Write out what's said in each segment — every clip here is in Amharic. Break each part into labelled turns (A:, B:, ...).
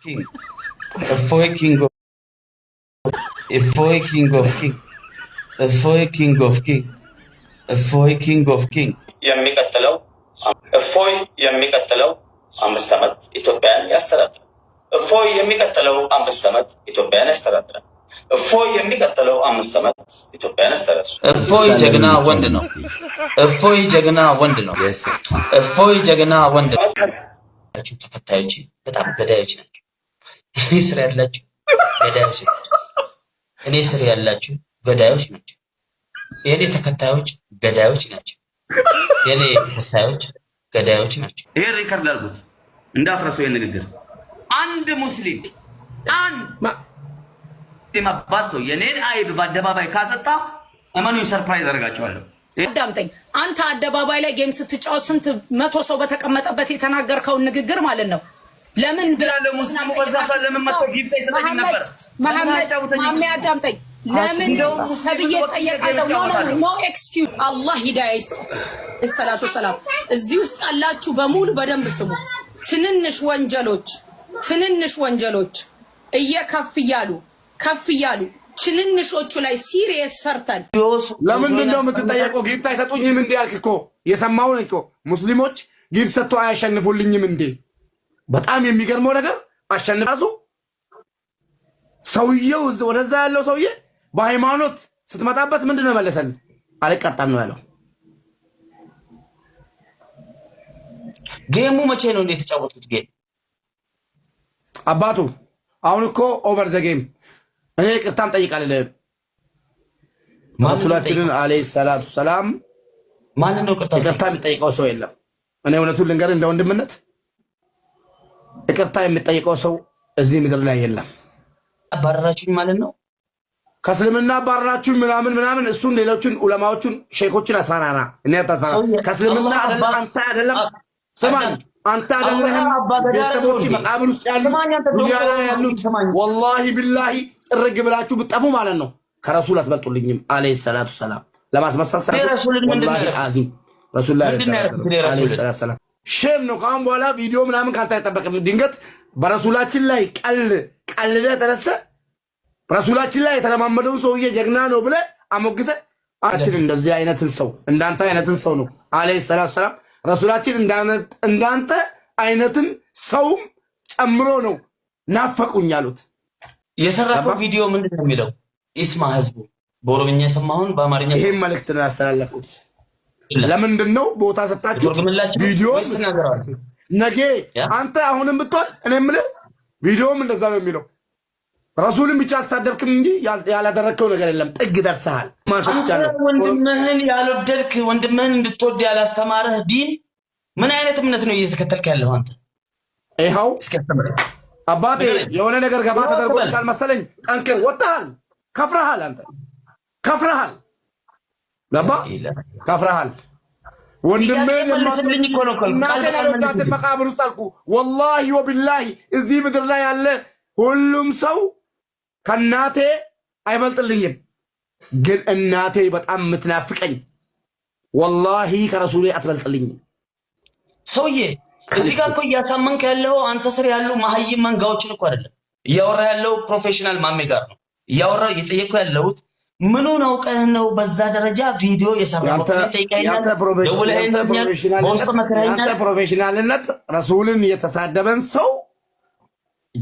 A: King. Foi King of foi King of King foi King of King foi King of King
B: የሚቀጥለው እፎይ የሚቀጥለው አምስት ዓመት ኢትዮጵያን ያስተዳድራል። እፎይ የሚቀጥለው አምስት ዓመት ኢትዮጵያን ያስተዳድራል። እፎይ የሚቀጥለው አምስት ዓመት ኢትዮጵያን
A: ያስተዳድራል። እፎይ ጀግና ወንድ ነው። እፎይ ጀግና ወንድ ነው። እፎይ ጀግና ወንድ ነው። ተከታዮች በጣም በዳዮች ነው። እኔ ስር ያላችሁ ገዳዮች ናቸው። እኔ ስር ያላችሁ ገዳዮች ናቸው። የእኔ ተከታዮች ገዳዮች ናቸው። የእኔ ተከታዮች ገዳዮች ናቸው። ይሄን ሪከርድ አድርጉት እንዳፍረሰው። ይሄን ንግግር አንድ ሙስሊም አንድ አባስቶ የኔን አይብ በአደባባይ ካሰጣ እመኑኝ ሰርፕራይዝ
C: አደርጋቸዋለሁ። አዳምጠኝ። አንተ አደባባይ ላይ ጌም ስትጫወት ስንት መቶ ሰው በተቀመጠበት የተናገርከውን ንግግር ማለት ነው ለምን ለሙስሊሙ በዛፋ ለምን መጥቶ ጊፍት አይሰጠኝም ነበር? መሐመድ ማሜ አዳምጠኝ። ለምን ተብዬ ጠየቃለሁ። ኖ ኤክስኪውዝ። አላህ ሂዳያ ይስጥ። ሰላቱ ሰላም። እዚህ ውስጥ ያላችሁ በሙሉ በደንብ ስሙ። ትንንሽ ወንጀሎች ትንንሽ ወንጀሎች እየከፍ እያሉ ከፍ እያሉ ትንንሾቹ ላይ ሲሪየስ ሰርተን
A: ለምንድን ነው የምትጠየቀው? ጊፍት አይሰጡኝም እንዴ አልክ እኮ የሰማውን እኮ ሙስሊሞች ጊፍት ሰጥቶ አያሸንፉልኝም እንዴ በጣም የሚገርመው ነገር አሸንፋሱ ሰውየው ወደዛ ያለው ሰውዬ በሃይማኖት ስትመጣበት ምንድን ነው መለሰን? አልቀጣም ነው ያለው። ጌሙ መቼ ነው እንደ የተጫወቱት ጌም? አባቱ አሁን እኮ ኦቨር ዘ ጌም። እኔ ቅርታም ጠይቃለሁ። ረሱላችንን አለይሂ ሰላቱ ሰላም ማንን ነው ቅርታ የሚጠይቀው? ሰው የለም። እኔ እውነቱን ልንገር እንደ ወንድምነት ይቅርታ የሚጠይቀው ሰው እዚህ ምድር ላይ የለም። አባረራችሁኝ ማለት ነው። ከእስልምና አባረራችሁኝ ምናምን ምናምን፣ እሱን ሌሎችን ዑለማዎቹን ሼኮችን አሳናና እኔ አታስፈራ። ከእስልምና አንተ አይደለም ስማኝ፣ አንተ አይደለህም። ቤተሰቦች መቃብር ውስጥ ያሉት ዱንያ ላይ ያሉት ወላሂ ቢላሂ ጥርግ ብላችሁ ብጠፉ ማለት ነው ከረሱል አትበልጡልኝም አለይሂ ሰላቱ ሰላም ለማስመሰል ሰላም ረሱል ላይ ሰላም ሼም ነው። ከአሁን በኋላ ቪዲዮ ምናምን ካንተ አይጠበቅም። ድንገት በረሱላችን ላይ ቀል ቀልለ ተነስተ ረሱላችን ላይ የተለማመደውን ሰውዬ ጀግና ነው ብለ አሞግሰ አችን እንደዚህ አይነትን ሰው እንዳንተ አይነትን ሰው ነው አለይሂ ሰላቱ ሰላም ረሱላችን እንዳንተ አይነትን ሰውም ጨምሮ ነው ናፈቁኝ አሉት። የሰራው ቪዲዮ ምንድን ነው የሚለው? ይስማ ህዝቡ በኦሮምኛ የሰማሁን በአማርኛ ይህም መልእክት ነው ያስተላለፍኩት። ለምንድን ነው ቦታ ሰጣችሁ? ቪዲዮ ነገ አንተ አሁንም ብትሆን እኔ የምልህ ቪዲዮም እንደዛ ነው የሚለው። ረሱልን ብቻ አትሳደብክም እንጂ ያላደረግከው ነገር የለም። ጥግ ደርሰሃል። ወንድምህን ያልወደድክ ወንድምህን እንድትወድ ያላስተማረህ ዲን ምን አይነት እምነት ነው እየተከተልክ ያለሁ አንተ? ይኸው አባቴ የሆነ ነገር ገባ ተደርጎ ይሻል መሰለኝ። ጠንክር። ወጥተሃል። ከፍረሃል። አንተ ከፍረሃል። ገባ ታፍራሃል። ወንድምህን እናቴን መቃብር ውስጥ አልኩ። ወላሂ ወቢላሂ እዚህ ምድር ላይ ያለ ሁሉም ሰው ከእናቴ አይበልጥልኝም፣ ግን እናቴ በጣም የምትናፍቀኝ ወላሂ ከረሱሌ አትበልጥልኝም። ሰውዬ እዚህ ጋር እኮ እያሳመንከ ያለው አንተ ስር ያሉ መሀይም መንጋዎችን እኮ አይደለም እያወራ ያለው ፕሮፌሽናል ማሜ ጋር ነው እያወራ እየጠየቅኩ ያለሁት ምኑን አውቀህ ነው በዛ ደረጃ ቪዲዮ የሰራው? ፕሮፌሽናልነት ረሱልን የተሳደበን ሰው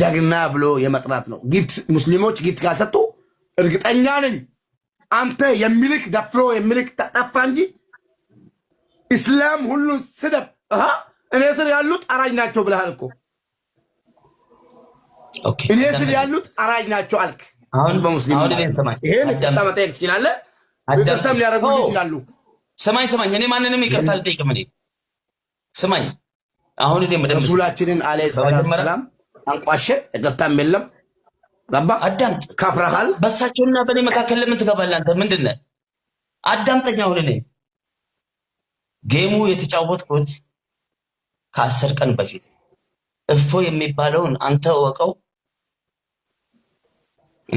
A: ጀግና ብሎ የመጥራት ነው። ጊፍት ሙስሊሞች ጊፍት ካልሰጡ እርግጠኛ ነኝ አንተ የሚልክ ደፍሮ የሚልክ ጠፋ እንጂ እስላም ሁሉ ስደብ እኔ ስር ያሉት አራጅ ናቸው ብለሃል እኮ። እኔ ስር ያሉት አራጅ ናቸው አልክ። አሁን በሙስሊም ይሄን ይቅርታ መጠየቅ ትችላለህ። ይቅርታም ሊያደርጉ ይችላሉ። እኔ ማንንም ይቅርታ አልጠይቅም። እኔ ስማኝ፣ አሁን እኔ ሰላም አንቋሸ ይቅርታም የለም። ገባ አዳም ካፍራሃል። በኔ መካከል ለምን ትገባለህ አንተ? ምንድን ነህ? አሁን እኔ ጌሙ የተጫወትኩት ከአስር ቀን በፊት እፎ የሚባለውን አንተ እወቀው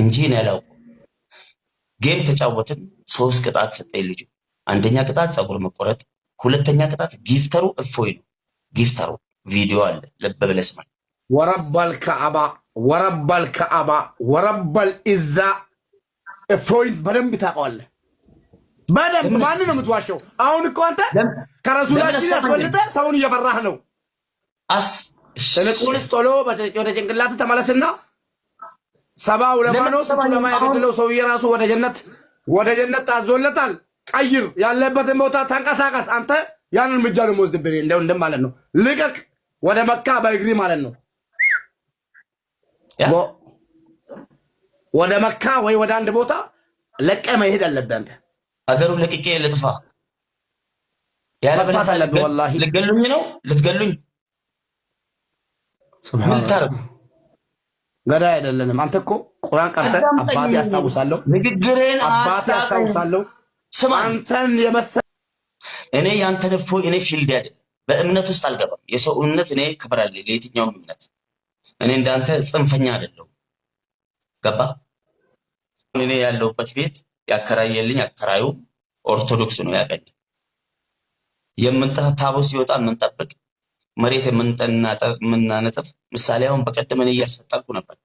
A: እንጂ እኔ ጌም ተጫወትን። ሶስት ቅጣት ሰጠኝ ልጁ። አንደኛ ቅጣት ፀጉር መቆረጥ፣ ሁለተኛ ቅጣት ጊፍተሩ እፎይ ነው። ጊፍተሩ ቪዲዮ አለ ለበበለስ ወረባል ከአባ ወረባል ከአባ ወረባል እዛ እፎይን በደንብ ታውቀዋለህ። በደንብ ማን ነው የምትዋሸው? አሁን እኮ አንተ ከረሱላችን ያስፈልጠ ሰውን እየፈራህ ነው። አስ ጥልቁንስ ቶሎ ወደ ጭንቅላት ተመለስና ሰባው ዑለማ ነው። ስንት ዑለማ ሰውዬ ራሱ ወደ ጀነት ወደ ጀነት ታዞለታል። ቀይር ያለበትን ቦታ ተንቀሳቀስ። አንተ ያን እርምጃ ነው የምወስድብህ እንደው እንደም ማለት ነው። ልቀቅ ወደ መካ በእግሪ ማለት ነው። ወደ መካ ወይ ወደ አንድ ቦታ ለቀ መሄድ አለብህ አንተ። ሀገሩን ለቅቄ ልጥፋ ያለ ልትገሉኝ ነው ልትገሉኝ ምን ልታረጉ ገዳይ አይደለንም። አንተ እኮ ቁራን ቀርተህ አባት ያስታውሳለሁ፣ ንግግርህን አባት ያስታውሳለሁ። ስማ አንተን የመሰለ እኔ ያንተን እፎ እኔ ፊልድ ያደ በእምነት ውስጥ አልገባም። የሰው እምነት እኔ ክብራለ ለየትኛውም እምነት። እኔ እንዳንተ ጽንፈኛ አይደለሁ። ገባ እኔ ያለሁበት ቤት ያከራየልኝ አከራዩ ኦርቶዶክስ ነው። ያቀኝ የምንታ ታቦ ሲወጣ የምንጠብቅ መሬት የምናነጥፍ ምሳሌ አሁን በቀደመን እያስፈጠርኩ ነበር።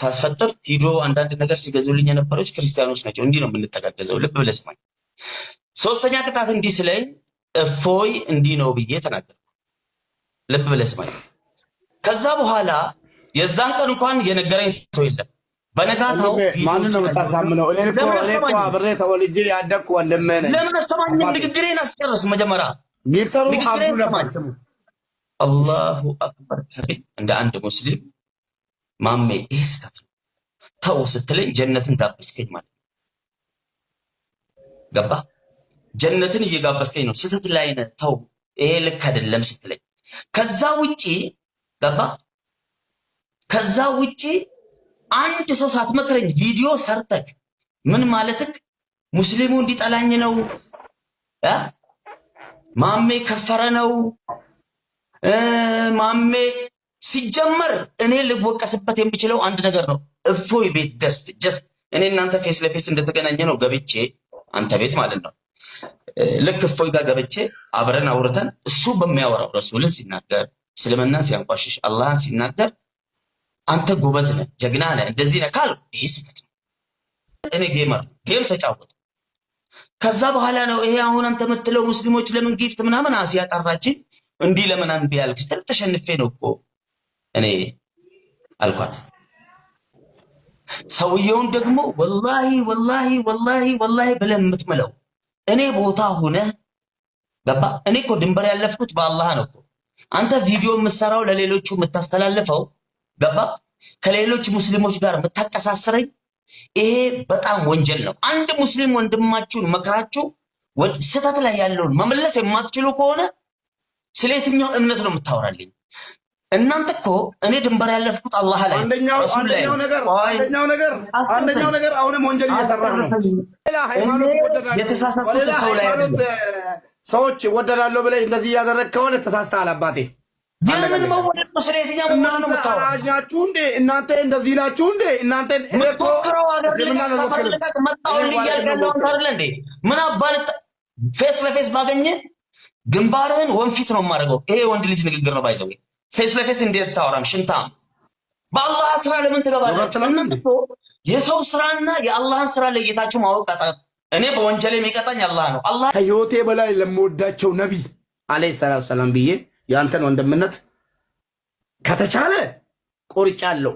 A: ሳስፈጥር ሂዶ አንዳንድ ነገር ሲገዙልኝ የነበረች ክርስቲያኖች ናቸው። እንዲህ ነው የምንተጋገዘው። ልብ ብለህ ስማኝ። ሶስተኛ ቅጣት እንዲህ ስለኝ እፎይ እንዲህ ነው ብዬ ተናገር ልብ ብለህ ስማኝ። ከዛ በኋላ የዛን ቀን እንኳን የነገረኝ ሰው የለም። በነጋታው ማንን ነው የምታሳምነው? እኔ እኮ አብሬ ተወልጄ ያደግኩ ወንድምህ ነኝ። ለምን አሰማኝ? ንግግሬን አስጨርስ መጀመሪያ ጊፍተሩ አብዱ ነበር ስሙ አላሁ አክበር ከቤ እንደ አንድ ሙስሊም ማሜ ይህ ስህተት ተው ስትለኝ ጀነትን ጋበዝከኝ ማለት ነው። ገባ ጀነትን እየጋበዝከኝ ነው። ስተት ላይ ነህ፣ ተው ይሄ ልክ አይደለም ስትለኝ ከዛ ውጪ ገባ ከዛ ውጪ አንድ ሰው ሳትመክረኝ ቪዲዮ ሰርተክ ምን ማለትክ ሙስሊሙ እንዲጠላኝ ነው ማሜ ከፈረ ነው ማሜ ሲጀመር እኔ ልወቀስበት የሚችለው አንድ ነገር ነው። እፎይ ቤት ደስ ጀስት እኔ እናንተ ፌስ ለፌስ እንደተገናኘ ነው ገብቼ አንተ ቤት ማለት ነው። ልክ እፎይ ጋር ገብቼ አብረን አውርተን እሱ በሚያወራው ረሱልን ሲናገር እስልምናን ሲያንቋሽሽ አላህን ሲናገር አንተ ጎበዝ ነህ፣ ጀግና ነህ፣ እንደዚህ ነህ ካል ይሄ ስህተት ነው። እኔ ጌመር ጌም ተጫወት። ከዛ በኋላ ነው ይሄ አሁን አንተ የምትለው ሙስሊሞች ለምን ጊፍት ምናምን አሲያ ጠራችን እንዲህ ለምን አንቢ ያልክ ስትል ተሸንፌ ነው እኮ እኔ አልኳት። ሰውየውን ደግሞ ወላሂ ወላሂ ወላሂ ወላሂ ብለን የምትምለው እኔ ቦታ ሆነ ገባ። እኔ እኮ ድንበር ያለፍኩት በአላህ ነው እኮ። አንተ ቪዲዮ የምትሰራው ለሌሎቹ የምታስተላልፈው ገባ፣ ከሌሎች ሙስሊሞች ጋር የምታቀሳስረኝ ይሄ በጣም ወንጀል ነው። አንድ ሙስሊም ወንድማችሁን መክራችሁ ስህተት ላይ ያለውን መመለስ የማትችሉ ከሆነ ስለ የትኛው እምነት ነው የምታወራልኝ? እናንተ እኮ እኔ ድንበር ያለፍኩት አላህ ላይ አንደኛው ነገር አንደኛው ነገር አንደኛው ነገር አሁንም ወንጀል እየሰራ ነው። ሃይማኖት ሰው ላይ ሰዎች ወደዳለሁ ብለህ እንደዚህ እያደረግ ከሆነ ተሳስተሃል አባቴ። ነው? ስለ የትኛው ነው እንዴ እናንተ እንደዚህ ናችሁ እንዴ እናንተ እንዴ ምን አባል ፌስ ለፌስ ባገኘ ግንባርህን ወንፊት ነው የማደርገው። ይሄ ወንድ ልጅ ንግግር ነው። ባይዘው ፌስ ለፌስ እንዴት ታወራም? ሽንታም በአላህ ስራ ለምን ትገባለህ? የሰው ስራና የአላህን ስራ ለጌታቸው ማወቅ እኔ በወንጀል የሚቀጣኝ አላህ ነው። አላህ ከህይወቴ በላይ ለምወዳቸው ነቢይ አለይሂ ሰላቱ ሰላም ብዬ የአንተን ወንድምነት ከተቻለ ቆርጫ አለው።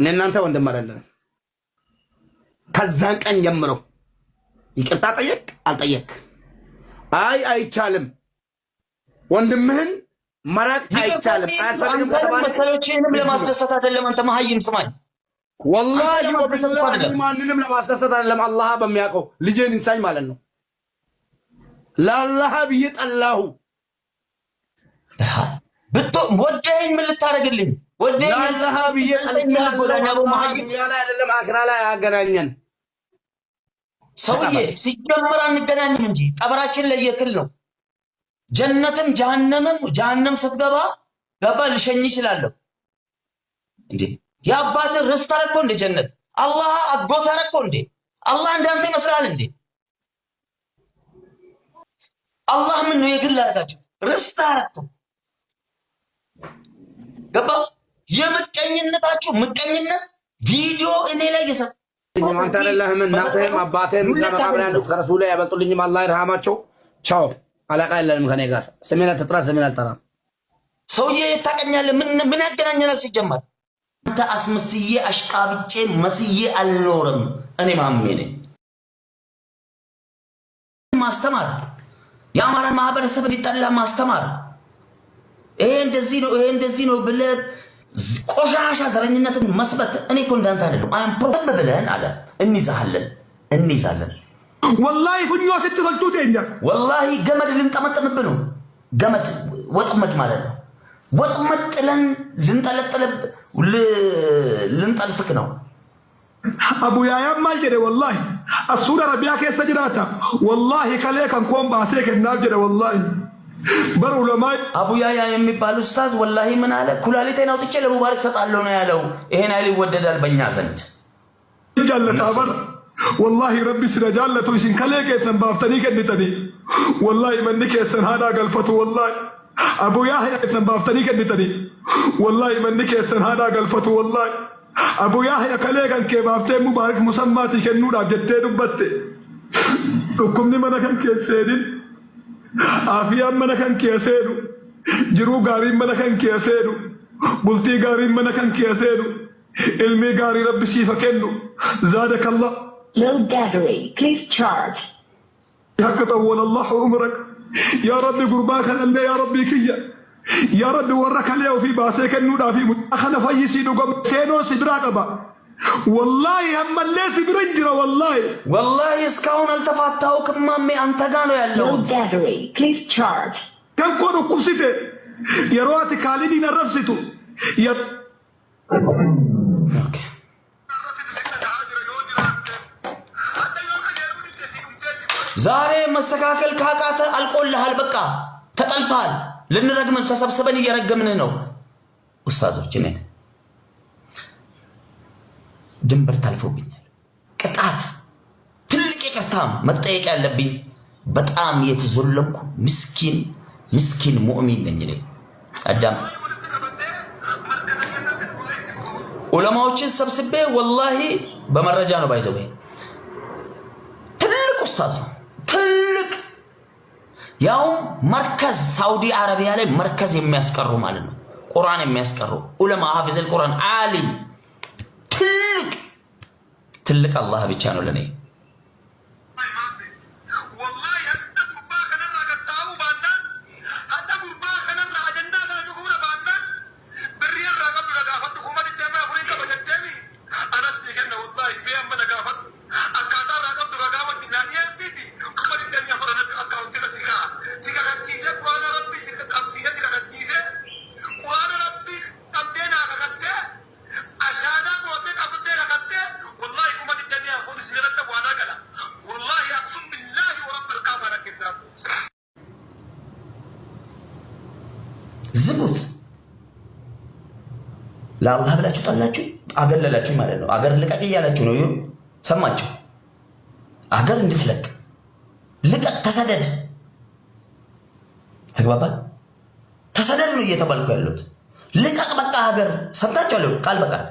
A: እኔ እናንተ ወንድም አይደለንም። ከዛን ቀን ጀምረው ይቅርታ ጠየቅ አልጠየቅ አይ አይቻልም ወንድምህን መራቅ አይቻልም። አያሳድግም ከተባለ መሰሎችህንም ለማስደሰት አይደለም። አንተ መሀይም ስማኝ፣ ወላሂ ማንንም ለማስደሰት አይደለም። አላህ በሚያውቀው ልጄን እንሳኝ ማለት ነው። ለአላህ ብዬ ጠላሁ። ብቶ ወደኝ ምን ልታደርግልኝ? ወደኝ ለአላህ ብዬ ጠልቻለሁ። ያለ አይደለም አክራ ላይ አገናኘን ሰውዬ። ሲጀምር አንገናኝም እንጂ ጠበራችን ለየክል ነው ጀነትም ጀሃነምም ጀሃነም ስትገባ ገባ ልሸኝ ይችላለሁ እንዴ? የአባትህ ርስት አረኮ እንዴ? ጀነት አላህ አጎት አረኮ እንዴ? አላህ እንዳንተ ይመስላል እንዴ? አላህ ምን ነው የግል አረጋቸው? ርስት አረኮ ገባ። የምቀኝነታችሁ ምቀኝነት ቪዲዮ እኔ ላይ ይሰ አንተ ለህምን እናትህም አባትህም እዛ መቃብር ያሉት ከረሱ ላይ ያበልጡልኝም አላህ ይርሃማቸው። ቻው አላቃ የለንም ከኔ ጋር። ስሜን አትጥራ፣ ስሜን አልጠራም። ሰውዬ የታቀኛለ ምን ያገናኘናል? ሲጀመር አንተ አስመስዬ አሽቃብጬ መስዬ አልኖርም። እኔ ማሜ ነኝ። ማስተማር የአማራን ማህበረሰብ እንዲጠላ ማስተማር፣ ይሄ እንደዚህ ነው፣ ይሄ እንደዚህ ነው ብለ ቆሻሻ ዘረኝነትን መስበክ። እኔ እኮ እንዳንተ አይደለም። አም ብለን አለ እንይዛለን፣ እንይዛለን ወላሂ ሁኛ ስትፈልጡት የለም። ወላሂ ገመድ ልንጠመጥምብ ነው። ገመድ ወጥመድ ማለት ነው። ወጥመድ ጥለን ልንጠለጥልብ ልንጠልፍክ ነው። አቡ ያያም ማል ጀደ ወላሂ አሱን አረቢያ ኬሰ ጅራታ ወላሂ ከሌ ከንኮን ባሴ ከናብ ጀደ ወላሂ በር ዑለማ አቡ ያያ የሚባል ኡስታዝ ወላሂ ምን አለ? ኩላሊቴን አውጥቼ ለሙባረክ ሰጣለሁ ነው ያለው። ይሄን ያህል ይወደዳል በእኛ ዘንድ ጀለታ በር والله ربي سنجالة وشن كليك يسن بافتنيك النتني والله منك يسن هانا قلفته والله أبو يحيى يسن بافتنيك النتني والله منك يسن هانا قلفته والله أبو يحيى كليك أنك بافتن مبارك مسماتي كنور عبدت ربطت لكم نما نكن كيسيرين آفيا ما نكن كيسيرو جرو غاري ما نكن كيسيرو بلتي غاري ما نكن كيسيرو علمي غاري ربي شيفا كنو زادك الله Load battery. Please charge. يا طول الله عمرك يا ربي قرباك لله يا ربي كيا يا ربي ورك عليه وفي باسك النودا في في يسيد وقم سينو سدراك با والله هم اللي سبرنجرا والله والله والله اسكاون التفاتاوك مامي انت قالوا يا لود battery. Please charge. كم كونو كسيت يا رواتي خالدين الرفسته يا اوكي ዛሬ መስተካከል ካቃተ አልቆልሃል፣ በቃ ተጠልፈሃል። ልንረግምን ተሰብስበን እየረገምን ነው። ኡስታዞች እኔን ድንበር ታልፎብኛል። ቅጣት ትልቅ ይቅርታም መጠየቅ ያለብኝ በጣም የተዞለምኩ ምስኪን ምስኪን ሙእሚን ነኝ እኔ አዳም ዑለማዎችን ሰብስቤ ወላሂ በመረጃ ነው ባይዘው ትልቅ ኡስታዝ ነው። ትልቅ ያውም መርከዝ ሳውዲ አረቢያ ላይ መርከዝ የሚያስቀሩ ማለት ነው። ቁርአን የሚያስቀሩ ዑለማ ሀፊዘል ቁርአን ዓሊም ትልቅ ትልቅ አላህ ብቻ ነው ለኔ። ለአላህ ብላችሁ ጣላችሁ፣ አገለላችሁ ማለት ነው። አገር ልቀቅ እያላችሁ ነው። ሰማችሁ? አገር እንድትለቅ ልቀቅ፣ ተሰደድ፣ ተግባባል። ተሰደድ ነው እየተባልኩ ያለሁት። ልቀቅ በቃ ሀገር። ሰምታችኋለሁ፣ ቃል በቃል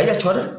A: አያችሁ አይደል?